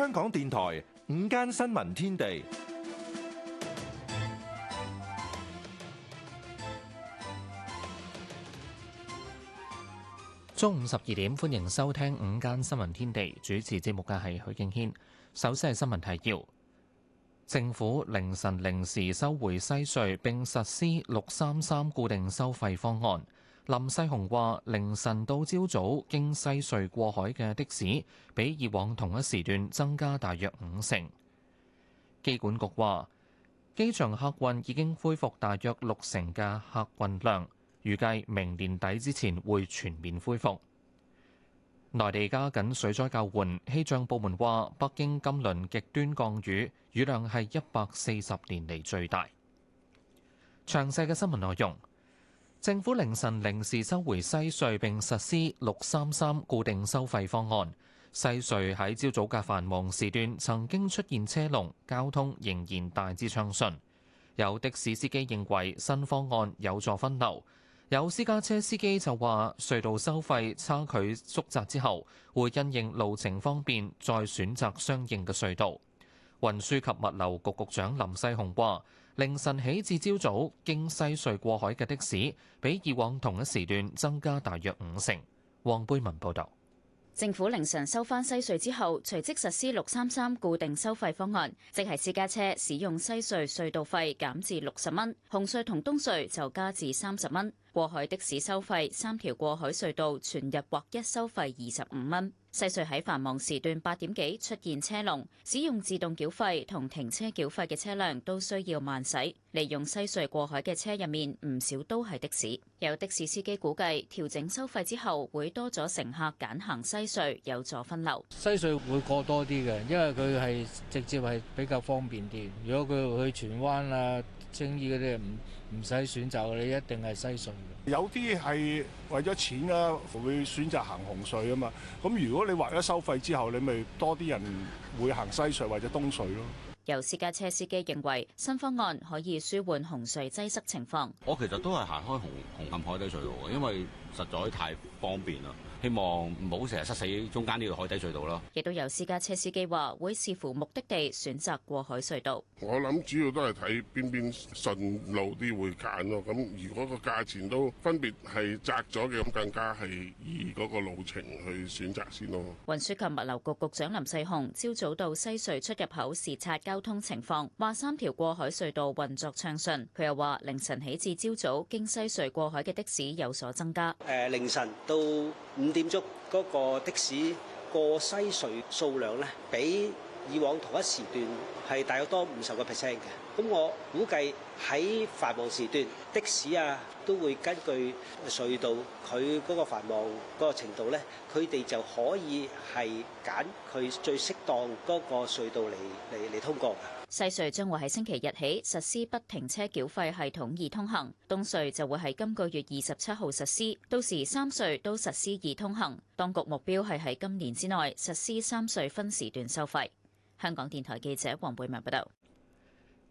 .香港電台午間新聞天地，中午十二點，歡迎收聽午間新聞天地。主持節目嘅係許敬軒。首先係新聞提要：政府凌晨零時收回西隧，並實施六三三固定收費方案。林世雄話：凌晨到朝早經西隧過海嘅的、的士，比以往同一時段增加大約五成。機管局話：機場客運已經恢復大約六成嘅客運量，預計明年底之前會全面恢復。內地加緊水災救援，氣象部門話北京今輪極端降雨，雨量係一百四十年嚟最大。詳細嘅新聞內容。政府凌晨零時收回西隧並實施六三三固定收費方案。西隧喺朝早嘅繁忙時段曾經出現車龍，交通仍然大致暢順。有的士司機認為新方案有助分流，有私家車司機就話隧道收費差距縮窄之後，會因應路程方便再選擇相應嘅隧道。運輸及物流局局長林世雄話。凌晨起至朝早，早，經西隧過海嘅的，的士，比以往同一時段增加大約五成。黃貝文報道：政府凌晨收翻西隧之後，隨即實施六三三固定收費方案，即係私家車使用西隧隧道費減至六十蚊，紅隧同東隧就加至三十蚊。過海的士收費，三條過海隧道全日劃一收費二十五蚊。西隧喺繁忙時段八點幾出現車龍，使用自動繳費同停車繳費嘅車輛都需要慢駛。利用西隧過海嘅車入面唔少都係的士，有的士司機估計調整收費之後會多咗乘客揀行西隧，有助分流。西隧會過多啲嘅，因為佢係直接係比較方便啲。如果佢去荃灣啊。青衣嗰啲唔唔使選擇，你一定係西隧。有啲係為咗錢啦，啊，會選擇行紅隧啊嘛。咁如果你劃咗收費之後，你咪多啲人會行西隧或者東隧咯。有私家車司機認為新方案可以舒緩紅隧擠塞情況。我其實都係行開紅紅磡海底隧道，因為實在太方便啦。希望唔好成日塞死中間呢條海底隧道咯。亦都有私家車司機話會視乎目的地選擇過海隧道。我諗主要都係睇邊邊順路啲會揀咯。咁如果個價錢都分別係窄咗嘅，咁更加係依嗰個路程去選擇先咯。運輸及物流局局長林世雄朝早到西隧出入口視察交通情況，話三條過海隧道運作暢順。佢又話凌晨起至朝早經西隧過海嘅的士有所增加。誒，凌晨到五五點鐘嗰個的士過西隧數量咧，比以往同一時段係大概多五十個 percent 嘅。咁我估計喺繁忙時段的士啊，都會根據隧道佢嗰個繁忙嗰個程度咧，佢哋就可以係揀佢最適當嗰個隧道嚟嚟嚟通過。西隧將會喺星期日起實施不停車繳費系統易通行，東隧就會喺今個月二十七號實施，到時三隧都實施易通行。當局目標係喺今年之內實施三隧分時段收費。香港電台記者黃貝文報道。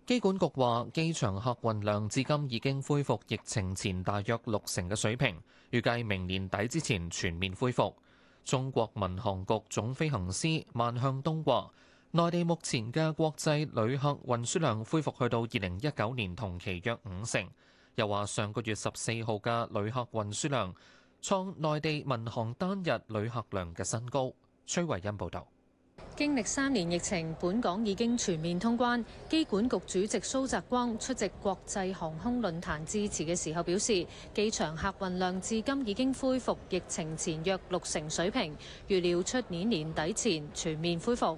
機管局話，機場客運量至今已經恢復疫情前大約六成嘅水平，預計明年底之前全面恢復。中國民航局總飛行師萬向東話。內地目前嘅國際旅客運輸量恢復去到二零一九年同期約五成，又話上個月十四號嘅旅客運輸量創內地民航單日旅客量嘅新高。崔維恩報導。經歷三年疫情，本港已經全面通關。機管局主席蘇澤光出席國際航空論壇致辭嘅時候表示，機場客運量至今已經恢復疫情前約六成水平，預料出年年底前全面恢復。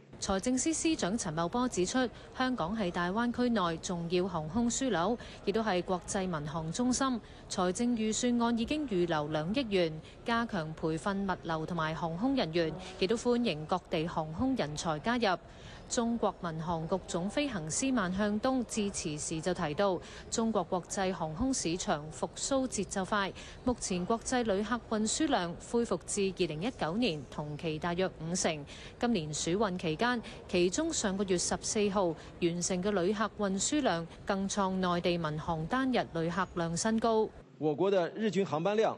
財政司司長陳茂波指出，香港係大灣區內重要航空樞紐，亦都係國際民航中心。財政預算案已經預留兩億元，加強培訓物流同埋航空人員，亦都歡迎各地航空人才加入。中國民航局總飛行師萬向東致辭時就提到，中國國際航空市場復甦節奏快，目前國際旅客運輸量恢復至二零一九年同期大約五成。今年暑運期間，其中上個月十四號完成嘅旅客運輸量更創內地民航單日旅客量新高。我國的日均航班量、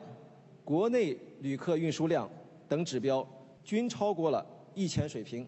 國內旅客運輸量等指標均超過了疫前水平。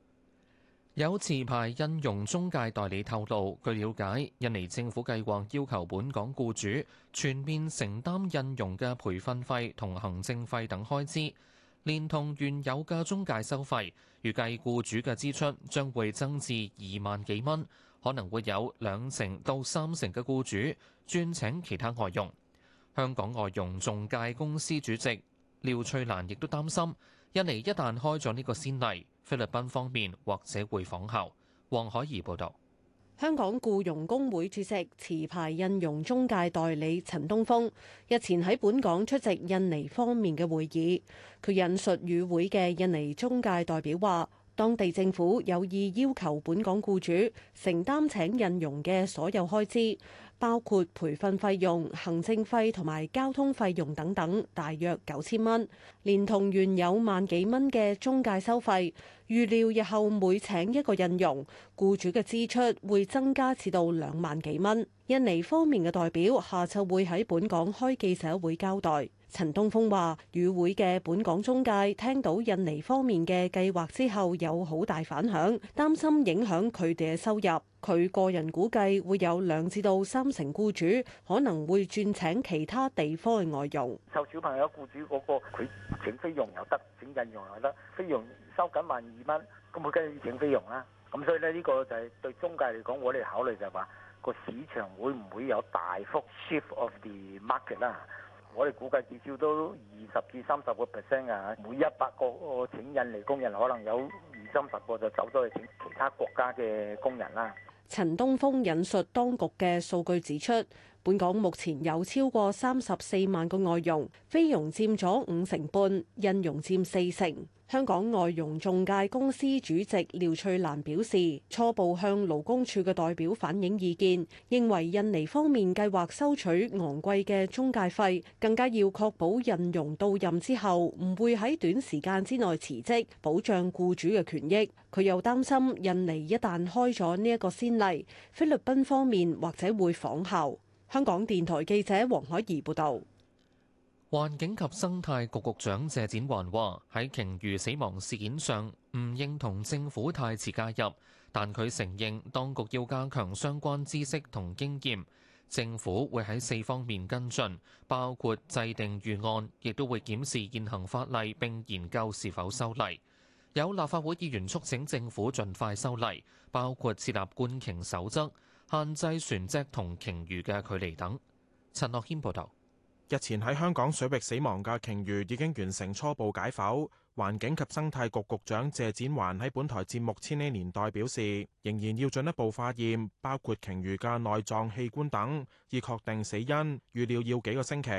有持牌印傭中介代理透露，據了解，印尼政府計劃要求本港僱主全面承擔印傭嘅培訓費同行政費等開支，連同原有嘅中介收費，預計僱主嘅支出將會增至二萬幾蚊，可能會有兩成到三成嘅僱主專請其他外傭。香港外傭中介公司主席廖翠蘭亦都擔心，印尼一旦開咗呢個先例。菲律賓方面或者回訪後，黃海怡報道。香港僱傭工會主席、持牌印傭中介代理陳東峰日前喺本港出席印尼方面嘅會議，佢引述與會嘅印尼中介代表話。當地政府有意要求本港僱主承擔請印傭嘅所有開支，包括培訓費用、行政費同埋交通費用等等，大約九千蚊，連同原有萬幾蚊嘅中介收費。預料日後每請一個印傭，僱主嘅支出會增加至到兩萬幾蚊。印尼方面嘅代表下晝會喺本港開記者會交代。陳東峰話：與會嘅本港中介聽到印尼方面嘅計劃之後，有好大反響，擔心影響佢哋嘅收入。佢個人估計會有兩至到三成僱主可能會轉請其他地方嘅外傭。有小朋友僱主嗰個，佢請菲傭又得，請印傭又得，菲傭收緊萬二蚊，咁佢梗係要請菲傭啦。咁所以呢，呢個就係對中介嚟講，我哋考慮就係話個市場會唔會有大幅 shift of the market 啦。我哋估計至少都二十至三十個 percent 啊！每一百個請印尼工人，可能有二三十個就走咗去請其他國家嘅工人啦。陳東峰引述當局嘅數據指出，本港目前有超過三十四萬個外傭，菲佣佔咗五成半，印傭佔四成。香港外傭中介公司主席廖翠蘭表示，初步向勞工處嘅代表反映意見，認為印尼方面計劃收取昂貴嘅中介費，更加要確保印傭到任之後唔會喺短時間之內辭職，保障僱主嘅權益。佢又擔心印尼一旦開咗呢一個先例，菲律賓方面或者會仿效。香港電台記者黃海怡報道。環境及生態局局長謝展環話：喺鯨魚死亡事件上，唔認同政府太遲介入，但佢承認當局要加強相關知識同經驗。政府會喺四方面跟進，包括制定預案，亦都會檢視現行法例並研究是否修例。有立法會議員促請政府盡快修例，包括設立觀鯨守則、限制船隻同鯨魚嘅距離等。陳樂謙報道。日前喺香港水域死亡嘅鯨魚已經完成初步解剖，環境及生態局局長謝展環喺本台節目《千禧年代》表示，仍然要進一步化驗，包括鯨魚嘅內臟器官等，以確定死因，預料要幾個星期。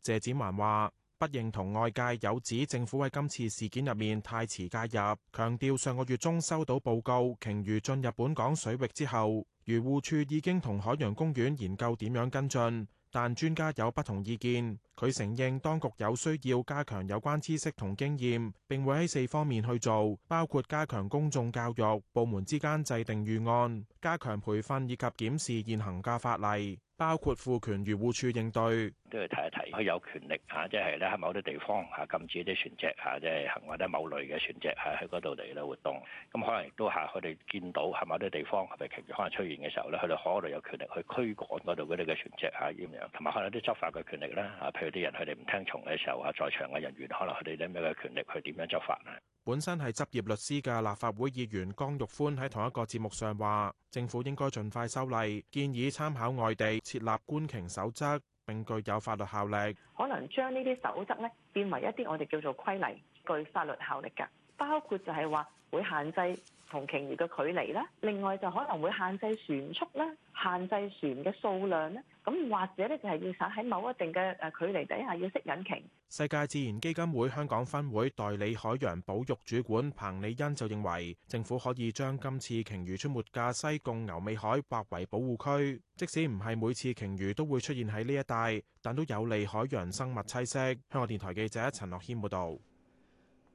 謝展環話，不認同外界有指政府喺今次事件入面太遲介入，強調上個月中收到報告，鯨魚進入本港水域之後，漁護處已經同海洋公園研究點樣跟進。但專家有不同意見，佢承認當局有需要加強有關知識同經驗，並會喺四方面去做，包括加強公眾教育、部門之間制定預案、加強培訓以及檢視現行嘅法例。包括賦權漁護署應對，都要睇一睇佢有權力嚇，即係咧喺某啲地方嚇禁止啲船隻嚇，即係行或者某類嘅船隻嚇喺嗰度嚟咧活動。咁可能亦都嚇佢哋見到喺某啲地方係咪其實可能出現嘅時候咧，佢哋可能有權力去驅趕嗰度嗰啲嘅船隻嚇，咁樣同埋可能啲執法嘅權力啦嚇，譬如啲人佢哋唔聽從嘅時候啊，在場嘅人員可能佢哋啲咩嘅權力去點樣執法啊？本身係執業律師嘅立法會議員江玉歡喺同一個節目上話，政府應該盡快修例，建議參考外地。 設立官瓊守則，並具有法律效力。可能將呢啲守則咧，變為一啲我哋叫做規例，具法律效力嘅。包括就係話會限制同鯨魚嘅距離啦，另外就可能會限制船速啦，限制船嘅數量啦，咁或者咧就係要使喺某一定嘅誒距離底下要熄引擎。世界自然基金會香港分會代理海洋保育主管彭李欣就認為，政府可以將今次鯨魚出沒嘅西貢牛尾海劃為保護區，即使唔係每次鯨魚都會出現喺呢一帶，但都有利海洋生物棲息。香港電台記者陳樂謙報道。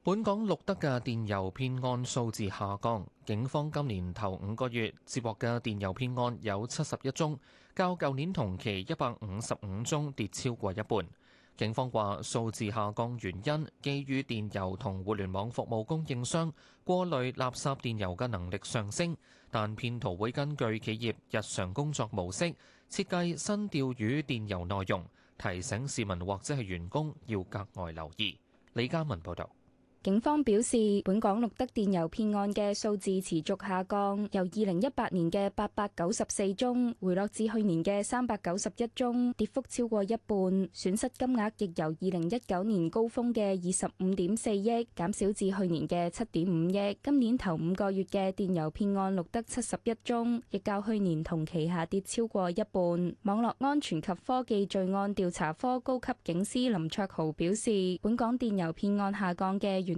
本港錄得嘅電郵騙案數字下降，警方今年頭五個月接獲嘅電郵騙案有七十一宗，較舊年同期一百五十五宗跌超過一半。警方話數字下降原因基於電郵同互聯網服務供應商過濾垃圾電郵嘅能力上升，但騙徒會根據企業日常工作模式設計新釣魚電郵內容，提醒市民或者係員工要格外留意。李嘉文報道。警方表示，本港錄得電郵騙案嘅數字持續下降，由二零一八年嘅八百九十四宗回落至去年嘅三百九十一宗，跌幅超過一半。損失金額亦由二零一九年高峰嘅二十五點四億減少至去年嘅七點五億。今年頭五個月嘅電郵騙案錄得七十一宗，亦較去年同期下跌超過一半。網絡安全及科技罪案調查科高級警司林卓豪表示，本港電郵騙案下降嘅原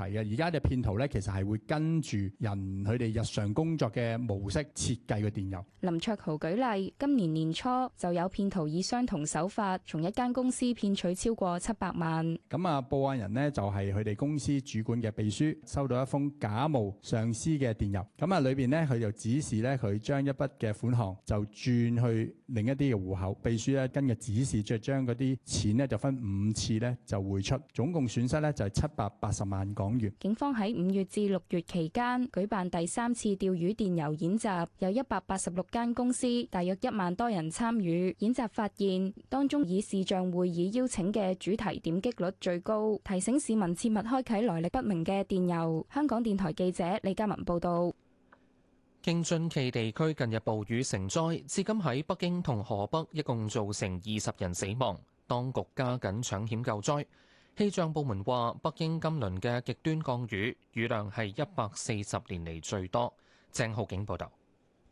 係嘅，而家嘅騙徒咧，其實係會跟住人佢哋日常工作嘅模式設計嘅電郵。林卓豪舉例，今年年初就有騙徒以相同手法，從一間公司騙取超過七百萬。咁啊，報案人呢，就係佢哋公司主管嘅秘書，收到一封假冒上司嘅電郵。咁啊，裏邊呢，佢就指示咧佢將一筆嘅款項就轉去另一啲嘅戶口。秘書咧根據指示，再將嗰啲錢呢就分五次咧就匯出，總共損失咧就係七百八十萬港元。警方喺五月至六月期間舉辦第三次釣魚電郵演習，有一百八十六間公司，大約一萬多人參與。演習發現當中以視像會議邀請嘅主題點擊率最高，提醒市民切勿開啟來歷不明嘅電郵。香港電台記者李嘉文報道。京津冀地區近日暴雨成災，至今喺北京同河北一共造成二十人死亡，當局加緊搶險救災。氣象部門話北京今輪嘅極端降雨雨量係一百四十年嚟最多。鄭浩景報道。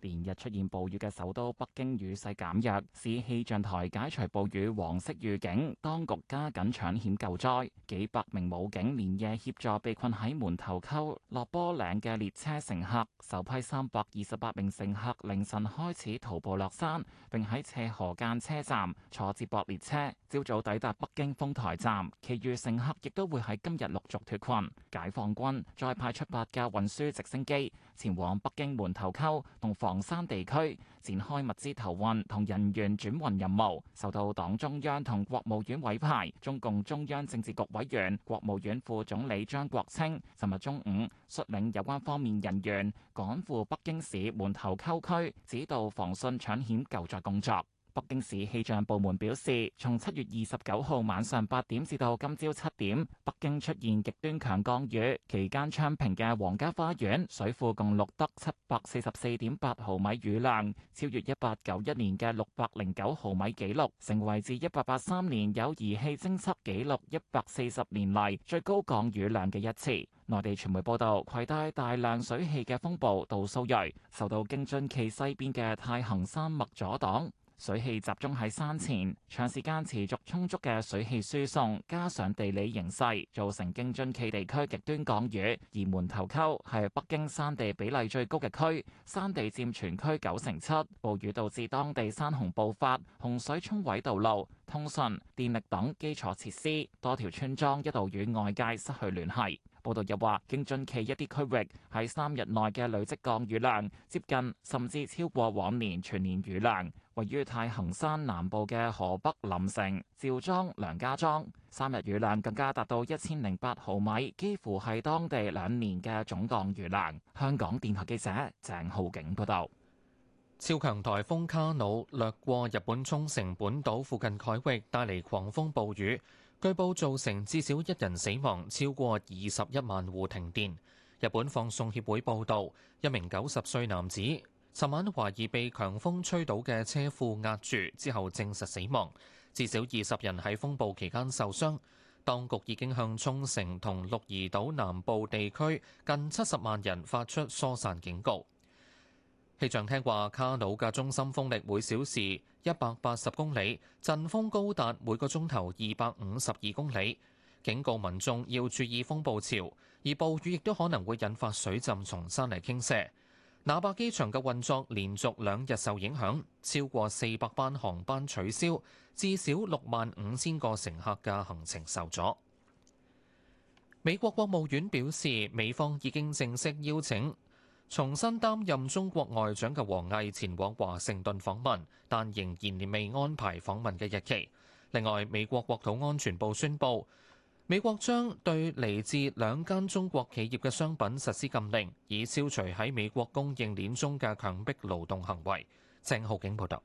連日出現暴雨嘅首都北京雨勢減弱，市氣象台解除暴雨黃色預警。當局加緊搶險救災，幾百名武警連夜協助被困喺門頭溝落坡嶺嘅列車乘客。首批三百二十八名乘客凌晨開始徒步落山，並喺斜河間車站坐接駁列車，朝早抵達北京豐台站。其餘乘客亦都會喺今日陸續脫困。解放軍再派出八架運輸直升機前往北京門頭溝同黃房山地區展開物資投運同人員轉運任務，受到黨中央同國務院委派，中共中央政治局委員、國務院副總理張國清，尋日中午率領有關方面人員趕赴北京市門頭溝區，指導防汛搶險救災工作。北京市氣象部門表示，從七月二十九號晚上八點至到今朝七點，北京出現極端強降雨。期間昌平嘅皇家花園水庫共錄得七百四十四點八毫米雨量，超越一八九一年嘅六百零九毫米紀錄，成為至一八八三年有儀器偵測紀録一百四十年嚟最高降雨量嘅一次。內地傳媒報道，攜帶大量水汽嘅風暴杜蘇睿受到京津冀西邊嘅太行山脈阻擋。水氣集中喺山前，長時間持續充足嘅水氣輸送，加上地理形勢，造成京津冀地區極端降雨。而門頭溝係北京山地比例最高嘅區，山地佔全區九成七。暴雨導致當地山洪暴發，洪水沖毀道路、通訊、電力等基礎設施，多條村莊一度與外界失去聯繫。報道又話，京津冀一啲區域喺三日內嘅累積降雨量接近甚至超過往年全年雨量。位於太行山南部嘅河北臨城、趙莊、梁家莊，三日雨量更加達到一千零八毫米，幾乎係當地兩年嘅總降雨量。香港電台記者鄭浩景報道，超強台風卡努掠過日本沖繩本島附近海域，帶嚟狂風暴雨。據報造成至少一人死亡，超過二十一萬戶停電。日本放送協會報道，一名九十歲男子尋晚懷疑被強風吹倒嘅車庫壓住，之後證實死亡。至少二十人喺風暴期間受傷。當局已經向沖繩同鹿兒島南部地區近七十萬人發出疏散警告。氣象廳話，卡努嘅中心風力每小時一百八十公里，陣風高達每個鐘頭二百五十二公里，警告民眾要注意風暴潮，而暴雨亦都可能會引發水浸、重山泥傾瀉。那霸機場嘅運作連續兩日受影響，超過四百班航班取消，至少六萬五千個乘客嘅行程受阻。美國國務院表示，美方已經正式邀請。重新擔任中國外長嘅王毅前往華盛頓訪問，但仍然未安排訪問嘅日期。另外，美國國土安全部宣布，美國將對嚟自兩間中國企業嘅商品實施禁令，以消除喺美國供應鏈中嘅強迫勞動行為。鄭浩景報道。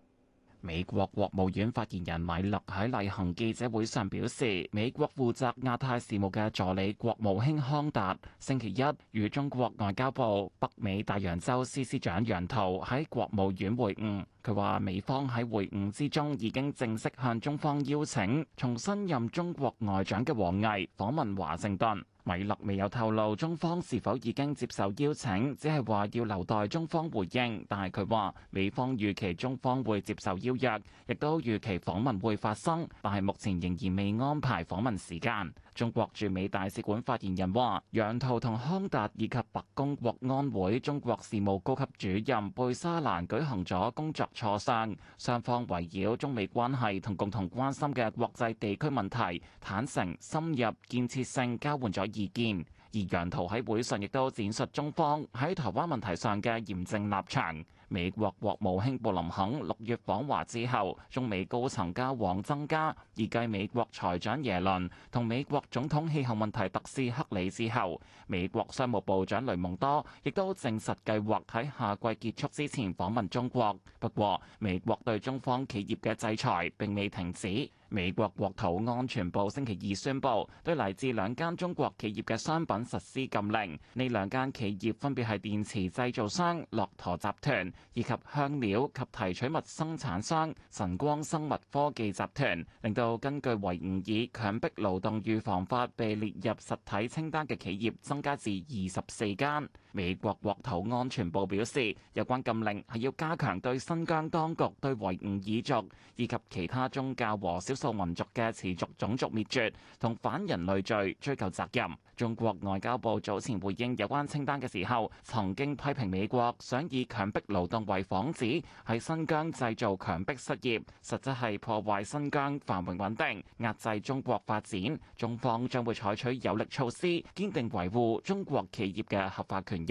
美國國務院發言人米勒喺例行記者會上表示，美國負責亞太事務嘅助理國務卿康達星期一與中國外交部北美大洋洲司司長楊濤喺國務院會晤。佢話，美方喺會晤之中已經正式向中方邀請，重新任中國外長嘅王毅訪問華盛頓。米勒未有透露中方是否已經接受邀請，只係話要留待中方回應，但係佢話美方預期中方會接受邀約，亦都預期訪問會發生，但係目前仍然未安排訪問時間。中國駐美大使館發言人話，楊濤同康達以及白宮國安會中國事務高級主任貝沙蘭舉行咗工作磋商，雙方圍繞中美關係同共同關心嘅國際地區問題，坦誠深入、建設性交換咗意見。而楊濤喺會上亦都展述中方喺台灣問題上嘅嚴正立場。美國國務卿布林肯六月訪華之後，中美高層交往增加，而繼美國財長耶倫同美國總統氣候問題特使克里之後，美國商務部長雷蒙多亦都證實計劃喺夏季結束之前訪問中國。不過，美國對中方企業嘅制裁並未停止。美國國土安全部星期二宣布，對嚟自兩間中國企業嘅商品實施禁令。呢兩間企業分別係電池製造商駱駝集團以及香料及提取物生產商晨光生物科技集團，令到根據《維吾爾強迫勞動預防法》被列入實體清單嘅企業增加至二十四間。美國國土安全部表示，有關禁令係要加強對新疆當局對維吾爾族以及其他宗教和少數民族嘅持續種族滅絕同反人類罪追究責任。中國外交部早前回應有關清單嘅時候，曾經批評美國想以強迫勞動為幌子喺新疆製造強迫失業，實質係破壞新疆繁榮穩定，壓制中國發展。中方將會採取有力措施，堅定維護中國企業嘅合法權。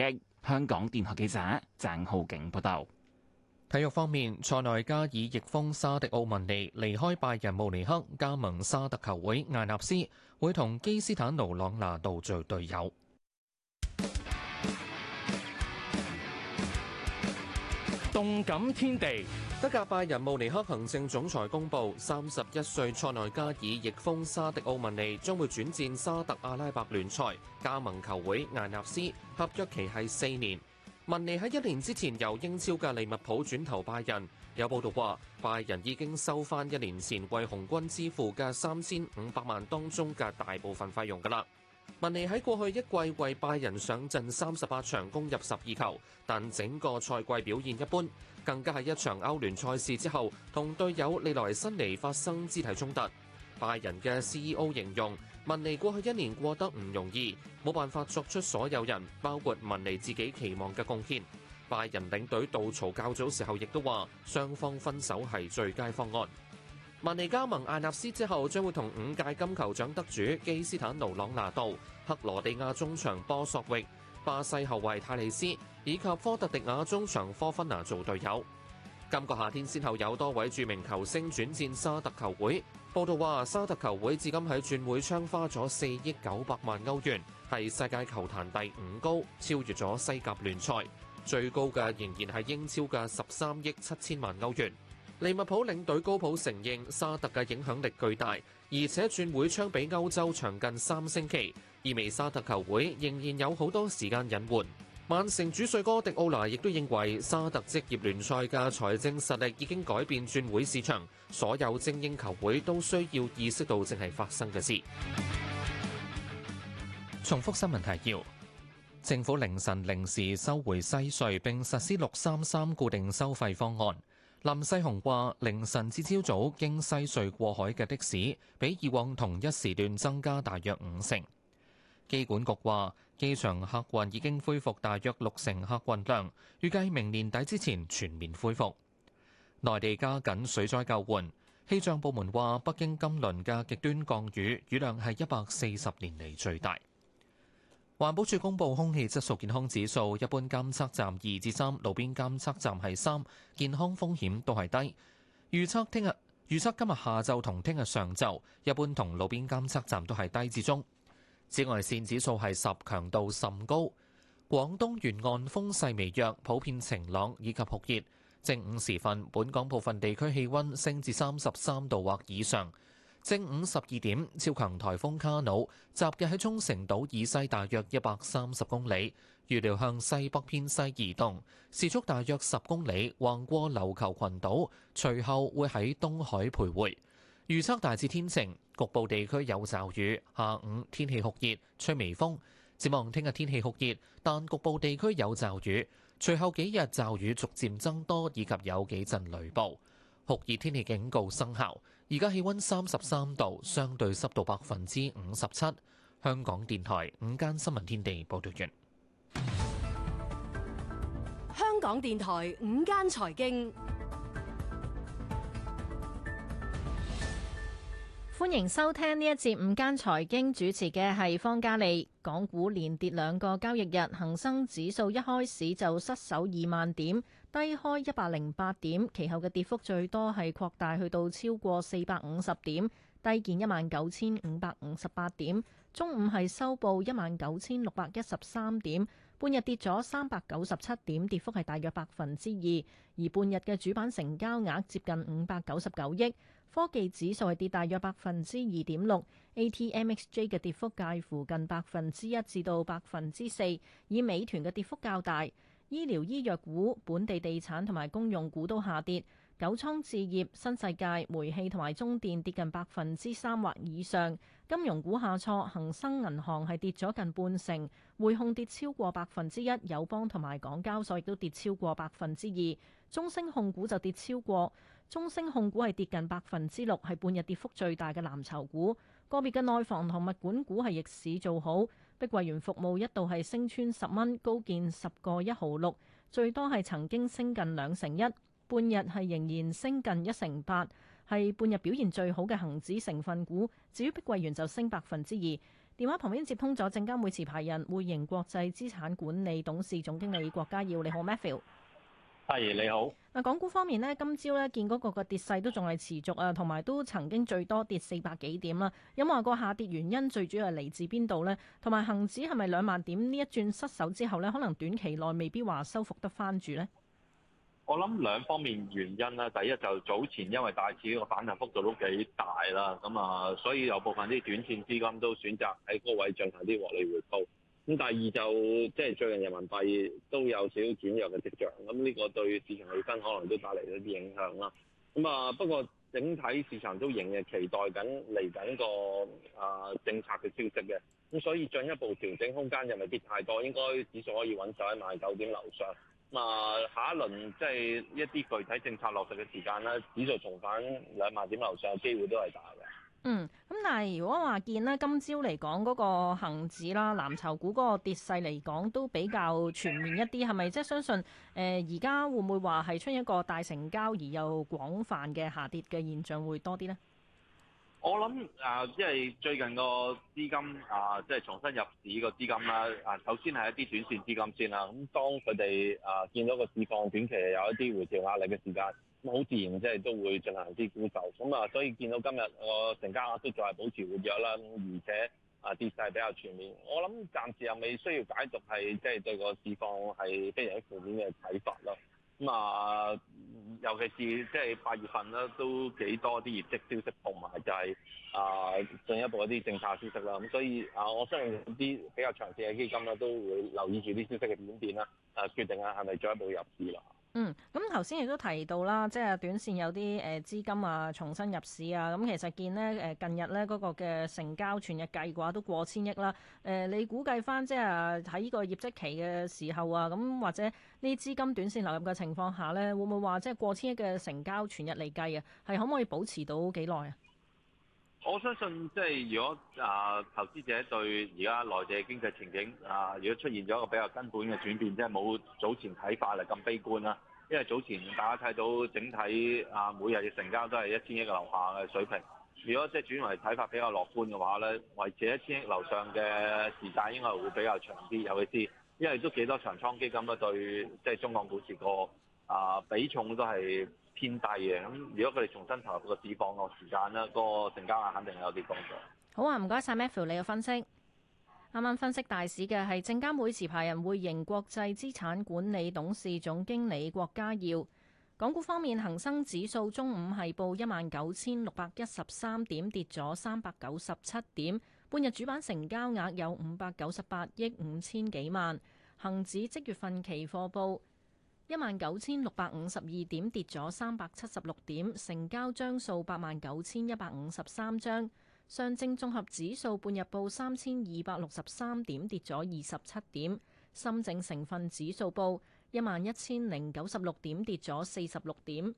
香港電台記者鄭浩景報道：體育方面，賽內加爾翼鋒沙迪奧文尼離開拜仁慕尼黑，加盟沙特球會艾納斯，會同基斯坦奴朗拿度做隊友。動感天地。德甲拜仁慕尼黑行政總裁公布，三十一歲塞內加爾翼鋒沙迪奧文尼將會轉戰沙特阿拉伯聯賽，加盟球會艾納斯，合約期係四年。文尼喺一年之前由英超嘅利物浦轉投拜仁，有報道話拜仁已經收翻一年前為紅軍支付嘅三千五百萬當中嘅大部分費用噶啦。文尼喺過去一季為拜仁上陣三十八場，攻入十二球，但整個賽季表現一般，更加係一場歐聯賽事之後，同隊友利萊辛尼發生肢體衝突。拜仁嘅 CEO 形容文尼過去一年過得唔容易，冇辦法作出所有人，包括文尼自己期望嘅貢獻。拜仁領隊杜曹較早時候亦都話，雙方分手係最佳方案。曼尼加盟艾納斯之後，將會同五屆金球獎得主基斯坦奴朗拿度、克羅地亞中場波索域、巴西後衛泰利斯以及科特迪瓦中場科芬拿做隊友。今個夏天先後有多位著名球星轉戰沙特球會。報道話，沙特球會至今喺轉會窗花咗四億九百萬歐元，係世界球壇第五高，超越咗西甲聯賽。最高嘅仍然係英超嘅十三億七千萬歐元。利物浦領隊高普承認沙特嘅影響力巨大，而且轉會窗比歐洲長近三星期，意味沙特球會仍然有好多時間隱瞞。曼城主帥哥迪奧拿亦都認為沙特職業聯賽嘅財政實力已經改變轉會市場，所有精英球會都需要意識到正係發生嘅事。重複新聞提要：政府凌晨零時收回西隧，並實施六三三固定收費方案。林世雄話凌晨至朝早經西隧過海嘅的，的士，比以往同一時段增加大約五成。機管局話機場客運已經恢復大約六成客運量，預計明年底之前全面恢復，內地加緊水災救援，氣象部門話北京今輪嘅極端降雨雨量係一百四十年嚟最大。環保署公布空氣質素健康指數，一般監測站二至三，路邊監測站係三，健康風險都係低。預測聽日，預測今日下晝同聽日上晝，一般同路邊監測站都係低至中。紫外綫指數係十，強度甚高。廣東沿岸風勢微弱，普遍晴朗以及酷熱。正午時分，本港部分地區氣溫升至三十三度或以上。正午十二點，超強颱風卡努，集日喺沖繩島以西大約一百三十公里，預料向西北偏西移動，時速大約十公里，橫過琉球群島，隨後會喺東海徘徊。預測大致天晴，局部地區有驟雨。下午天氣酷熱，吹微風。展望聽日天，天氣酷熱，但局部地區有驟雨，隨後幾日驟雨逐漸增多，以及有幾陣雷暴。酷熱天氣警告生效。而家氣溫三十三度，相對濕度百分之五十七。香港電台午間新聞天地報道完。香港電台午間財經。歡迎收聽呢一節午間財經主持嘅係方嘉利。港股連跌兩個交易日，恒生指數一開始就失守二萬點，低開一百零八點，其後嘅跌幅最多係擴大去到超過四百五十點，低見一萬九千五百五十八點。中午係收報一萬九千六百一十三點，半日跌咗三百九十七點，跌幅係大約百分之二，而半日嘅主板成交額接近五百九十九億。科技指數係跌大約百分之二點六，ATMXJ 嘅跌幅介乎近百分之一至到百分之四，以美團嘅跌幅較大。醫療醫藥股、本地地產同埋公用股都下跌，九倉置業、新世界、煤氣同埋中電跌近百分之三或以上。金融股下挫，恒生銀行係跌咗近半成，匯控跌超過百分之一，友邦同埋港交所亦都跌超過百分之二，中升控股就跌超過。中升控股係跌近百分之六，係半日跌幅最大嘅藍籌股。個別嘅內房同物管股係逆市做好，碧桂園服務一度係升穿十蚊，高見十個一毫六，最多係曾經升近兩成一，半日係仍然升近一成八。係半日表現最好嘅恒指成分股，至於碧桂園就升百分之二。電話旁邊接通咗證監會持牌人匯盈國際資產管理董事總經理郭家耀，你好 Matthew。係你好。港股方面呢，今朝咧見嗰個跌勢都仲係持續啊，同埋都曾經最多跌四百幾點啦。有冇話個下跌原因最主要係嚟自邊度呢？同埋恒指係咪兩萬點呢一轉失守之後呢，可能短期內未必話收復得翻住呢。」我諗兩方面原因啦，第一就早前因為大市呢個反彈幅度都幾大啦，咁啊，所以有部分啲短線資金都選擇喺高位進行啲獲利回報。咁第二就是、即係最近人民幣都有少少轉弱嘅跡象，咁呢個對市場氣氛可能都帶嚟咗啲影響啦。咁啊，不過整體市場都仍然期待緊嚟緊個啊、呃、政策嘅消息嘅，咁所以進一步調整空間又未必太多，應該指數可以穩守喺萬九點樓上。啊，下一輪即係、就是、一啲具體政策落實嘅時間啦，指數重返兩萬點樓上嘅機會都係大嘅。嗯，咁但係如果話見咧，今朝嚟講嗰個恆指啦、藍籌股嗰個跌勢嚟講都比較全面一啲，係咪？即、就、係、是、相信誒，而、呃、家會唔會話係出現一個大成交而又廣泛嘅下跌嘅現象會多啲呢？我諗啊，啊，即係最近個資金啊，即係重新入市個資金啦。啊，首先係一啲短線資金先啦。咁、啊、當佢哋啊見到個市況短期有一啲回調壓力嘅時間，咁、啊、好自然即係都會進行啲沽售。咁啊，所以見到今日個、啊、成交額都仲係保持活躍啦、啊，而且啊跌勢比較全面。我諗暫時又未需要解讀係即係對個市況係非常之負面嘅睇法咯。啊咁啊、嗯，尤其是即係八月份咧，都幾多啲業績消息同埋就係啊進一步嗰啲政策消息啦。咁所以啊、呃，我相信啲比較長線嘅基金咧都會留意住啲消息嘅演變啦，誒、啊、決定啊係咪進一步入市啦。嗯，咁頭先亦都提到啦，即係短線有啲誒資金啊重新入市啊，咁其實見咧誒近日咧嗰個嘅成交全日計嘅話都過千億啦。誒、呃，你估計翻即係喺呢個業績期嘅時候啊，咁或者呢啲資金短線流入嘅情況下咧，會唔會話即係過千億嘅成交全日嚟計啊？係可唔可以保持到幾耐啊？我相信即係如果啊，投資者對而家內地嘅經濟前景啊，如果出現咗一個比較根本嘅轉變，即係冇早前睇法嚟咁悲觀啦。因為早前大家睇到整體啊，每日嘅成交都係一千億嘅樓下嘅水平。如果即係轉為睇法比較樂觀嘅話咧，維持一千億樓上嘅時間應該會比較長啲，尤其是因為都幾多長倉基金嘅對即係中港股市個啊比重都係。偏大嘅，咁如果佢哋重新投入個指方個時間咧，個成交額肯定係有啲幫助。好啊，唔該晒 Matthew 你嘅分析。啱啱分析大市嘅係證監會持牌人會營國際資產管理董事總經理郭家耀。港股方面，恒生指數中午係報一萬九千六百一十三點，跌咗三百九十七點。半日主板成交額有五百九十八億五千幾萬。恒指即月份期貨報。一萬九千六百五十二點跌咗三百七十六點，成交張數八萬九千一百五十三張。上證綜合指數半日報三千二百六十三點跌咗二十七點。深證成分指數報一萬一千零九十六點跌咗四十六點。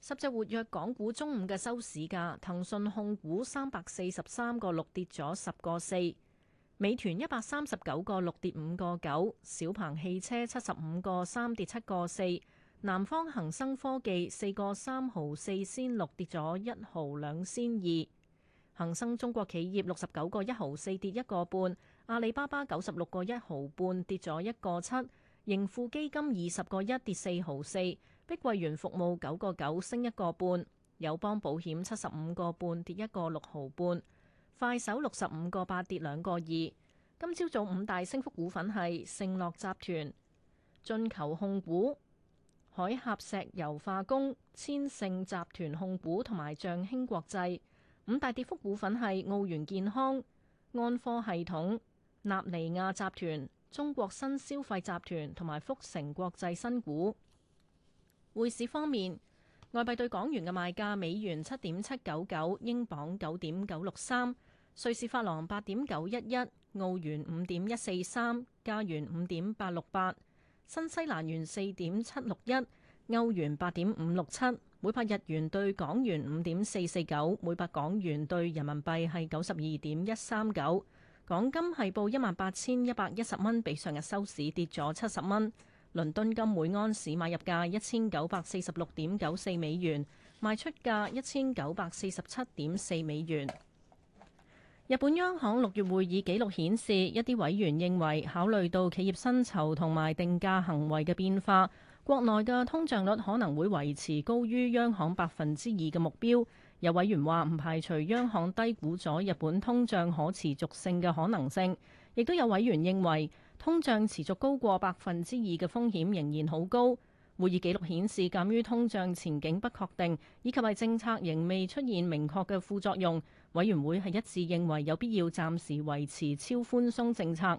十隻活躍港股中午嘅收市價，騰訊控股三百四十三個六跌咗十個四。美團一百三十九個六跌五個九，小鵬汽車七十五個三跌七個四，南方恒生科技四個三毫四先六跌咗一毫兩先二，恒生中國企業六十九個一毫四跌一個半，阿里巴巴九十六個一毫半跌咗一個七，盈富基金二十個一跌四毫四，碧桂園服務九個九升一個半，友邦保險七十五個半跌一個六毫半。快手六十五個八跌兩個二。今朝早五大升幅股份係盛樂集團、進球控股、海峽石油化工、千盛集團控股同埋象興國際。五大跌幅股，股份係澳元健康、安科系統、納尼亞集團、中國新消費集團同埋福成國際新股。匯市方面。外幣對港元嘅賣價：美元七點七九九，英鎊九點九六三，瑞士法郎八點九一一，澳元五點一四三，加元五點八六八，新西蘭元四點七六一，歐元八點五六七。每百日元對港元五點四四九，每百港元對人民幣係九十二點一三九。港金係報一萬八千一百一十蚊，比上日收市跌咗七十蚊。倫敦金每安士買入價一千九百四十六點九四美元，賣出價一千九百四十七點四美元。日本央行六月會議紀錄顯示，一啲委員認為，考慮到企業薪酬同埋定價行為嘅變化，國內嘅通脹率可能會維持高於央行百分之二嘅目標。有委員話唔排除央行低估咗日本通脹可持續性嘅可能性。亦都有委員認為，通脹持續高過百分之二嘅風險仍然好高。會議記錄顯示，鑑於通脹前景不確定，以及係政策仍未出現明確嘅副作用，委員會係一致認為有必要暫時維持超寬鬆政策。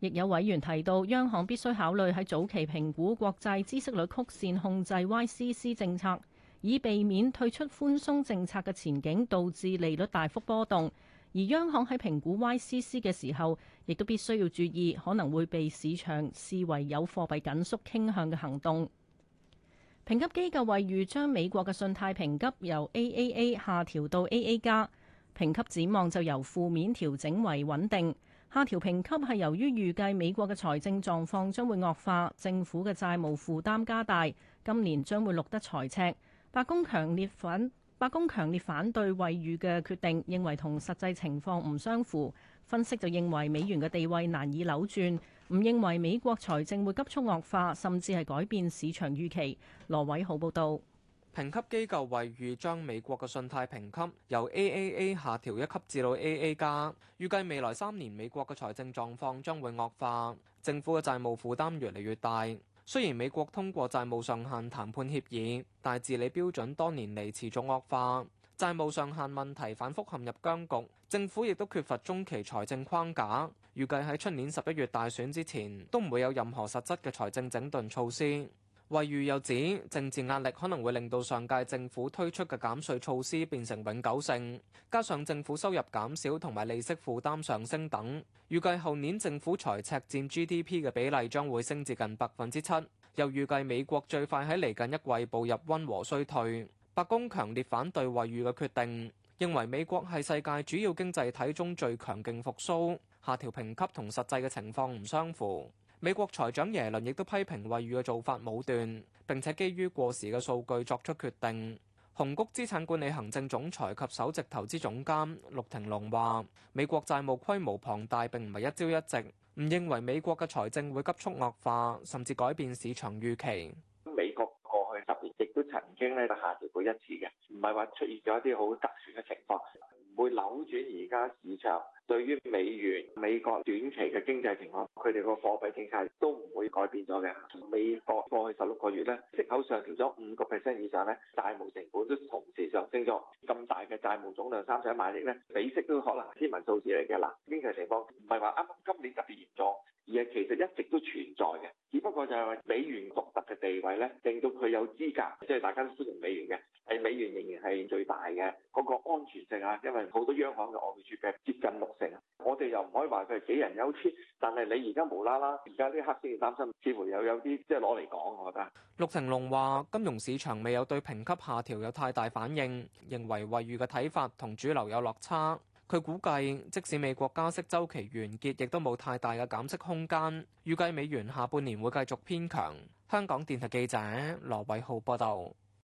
亦有委員提到，央行必須考慮喺早期評估國債孳息率曲線控制 （YCC） 政策，以避免退出寬鬆政策嘅前景導致利率大幅波動。而央行喺評估 YCC 嘅時候，亦都必須要注意可能會被市場視為有貨幣緊縮傾向嘅行動。評級機構惠譽將美國嘅信貸評級由 AAA 下調到 AA 加，評級展望就由負面調整為穩定。下調評級係由於預計美國嘅財政狀況將會惡化，政府嘅債務負擔加大，今年將會錄得財赤。白宮強烈反。白宮強烈反對惠譽嘅決定，認為同實際情況唔相符。分析就認為美元嘅地位難以扭轉，唔認為美國財政會急速惡化，甚至係改變市場預期。羅偉豪報道，評級機構惠譽將美國嘅信貸評級由 AAA 下調一級至到 AA 加，預計未來三年美國嘅財政狀況將會惡化，政府嘅債務負擔越嚟越大。雖然美國通過債務上限談判協議，但治理標準多年嚟持續惡化，債務上限問題反覆陷入僵局，政府亦都缺乏中期財政框架，預計喺出年十一月大選之前都唔會有任何實質嘅財政整頓措施。惠譽又指，政治壓力可能會令到上屆政府推出嘅減稅措施變成永久性，加上政府收入減少同埋利息負擔上升等，預計後年政府財赤佔 GDP 嘅比例將會升至近百分之七。又預計美國最快喺嚟緊一季步入溫和衰退。白宮強烈反對惠譽嘅決定，認為美國係世界主要經濟體中最強勁復甦，下調評級同實際嘅情況唔相符。美國財長耶倫亦都批評惠譽嘅做法武斷，並且基於過時嘅數據作出決定。紅谷資產管理行政總裁及首席投資總監陸庭龍話：美國債務規模龐大並唔係一朝一夕，唔認為美國嘅財政會急速惡化，甚至改變市場預期。美國過去十年亦都曾經咧就下調過一次嘅，唔係話出現咗一啲好特殊嘅情況，會扭轉而家市場。對於美元、美國短期嘅經濟情況，佢哋個貨幣政策都唔會改變咗嘅。美國過去十六個月呢，息口上調咗五個 percent 以上咧，債務成本都同時上升咗。咁大嘅債務總量三十一萬億呢，美息都可能天文數字嚟嘅嗱。經濟情況唔係話啱啱今年特別嚴重，而係其實一直都存在嘅。只不過就係美元獨特嘅地位呢，令到佢有資格，即係大家都歡迎美元嘅，係美元仍然係最大嘅嗰個安全性啊。因為好多央行嘅外匯儲備接近六。我哋又唔可以話佢係杞人憂天，但係你而家無啦啦，而家呢刻先至擔心，似乎又有啲即係攞嚟講，我覺得陸庭龍話金融市場未有對評級下調有太大反應，認為惠譽嘅睇法同主流有落差。佢估計即使美國加息週期完結，亦都冇太大嘅減息空間。預計美元下半年會繼續偏強。香港電台記者羅偉浩報道。